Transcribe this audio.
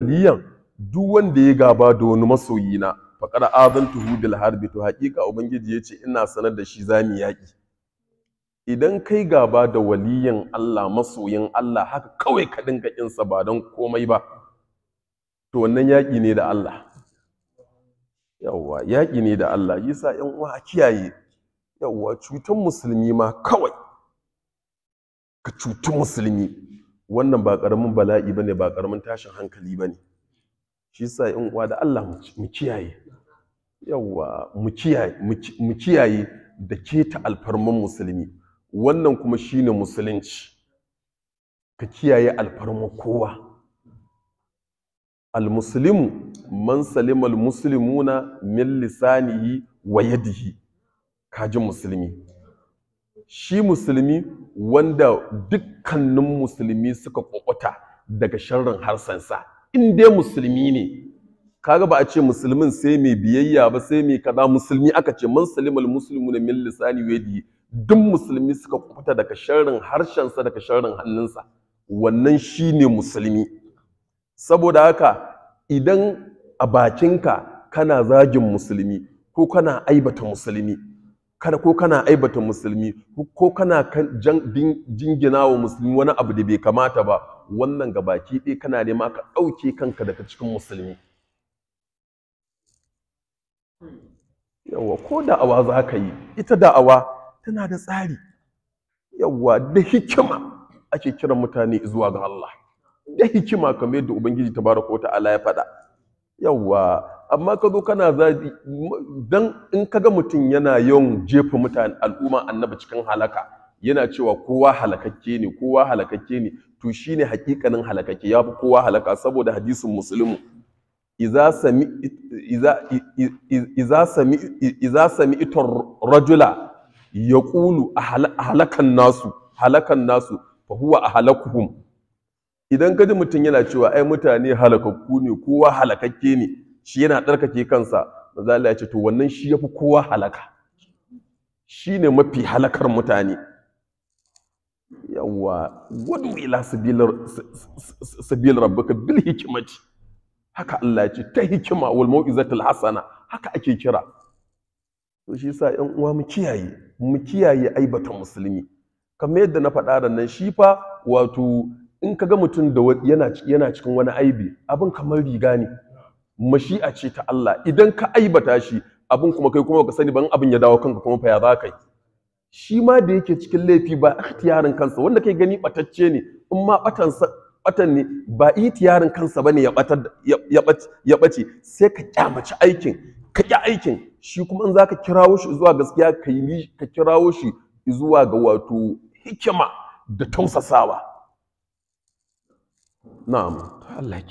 waliyan duk wanda ya gaba da wani masoyi na faqad azantuhu bil harbi to haƙiƙa ubangiji ya ce ina sanar da shi zamu yaƙi idan kai gaba da waliyan Allah masoyin Allah haka kawai ka dinga kin sa ba dan komai ba to wannan yaƙi ne da Allah yawwa yaƙi ne da Allah yasa ƴan uwa a kiyaye yawwa cutan musulmi ma kawai ka cutu musulmi wannan ba ƙaramin bala'i bane ba ƙaramin tashin hankali bane shi yasa in uwa da Allah mu kiyaye yawa mu kiyaye mu kiyaye da keta alfarman musulmi wannan kuma shine musulunci ka kiyaye alfarman kowa almuslimu man salima almuslimuna min lisanihi wa yadihi kaji musulmi shi musulmi wanda dukkanin musulmi suka kwakwata daga sharrin harsansa in dai musulmi ne kaga ba a ce musulmin sai mai biyayya ba sai mai kaza musulmi aka ce man salimal muslimu ne min lisani wadi duk musulmi suka kwakwata daga sharrin harshensa daga sharrin hannunsa wannan shine musulmi saboda haka idan a bakinka kana zagin musulmi ko kana aibata musulmi kada ko kana aibata musulmi ko kana jingina wa musulmi wani abu da bai kamata ba wannan ga baki ɗaya kana nema ka ɗauke kanka daga cikin musulmi Yawwa ko da'awa za ka yi ita da'awa tana da tsari Yawwa da hikima ake kiran mutane zuwa ga Allah da hikima kamar yadda ubangiji ta tabaraka wa ta'ala ya faɗa yawwa. amma ka zo kana zaɗi don in kaga mutum yana yawan jefa mutane al'umma annabi cikin halaka yana cewa kowa halakakke ne kowa halakakke ne to shi ne hakikanin halakakke ya fi kowa halaka saboda hadisin muslimu iza sami ita sami iza rajula ya halakan nasu halakan nasu fa huwa ahlakuhum idan ji mutum yana cewa ai mutane halakakku ne kowa halakakke ne shi yana tsarkake kansa manzo Allah ya ce to wannan shi yafi kowa halaka shine mafi halakar mutane yawa wadu ila sabil rabbika bil hikmati haka Allah ya ce ta hikima wal mau'izatul hasana haka ake kira to shi yasa ƴan uwa mu kiyaye mu kiyaye aibata musulmi kamar yadda na faɗa da nan shi fa wato in ka ga mutum da yana cikin wani aibi abin kamar riga ne mashi'a ce ta Allah idan ka aibata shi abin kuma kai kuma baka sani ban abin ya dawo kanka kuma fa ya za kai shi ma da yake cikin laifi ba ikhtiyarin kansa wanda kai gani batacce ne in ma batan ne ba itiyarin kansa bane ya batar ya ya bace sai ka kyamaci aikin ka ƙi aikin shi kuma in zaka kirawo shi zuwa gaskiya ka yi ka kirawo shi zuwa ga wato hikima da tausasawa na'am Allah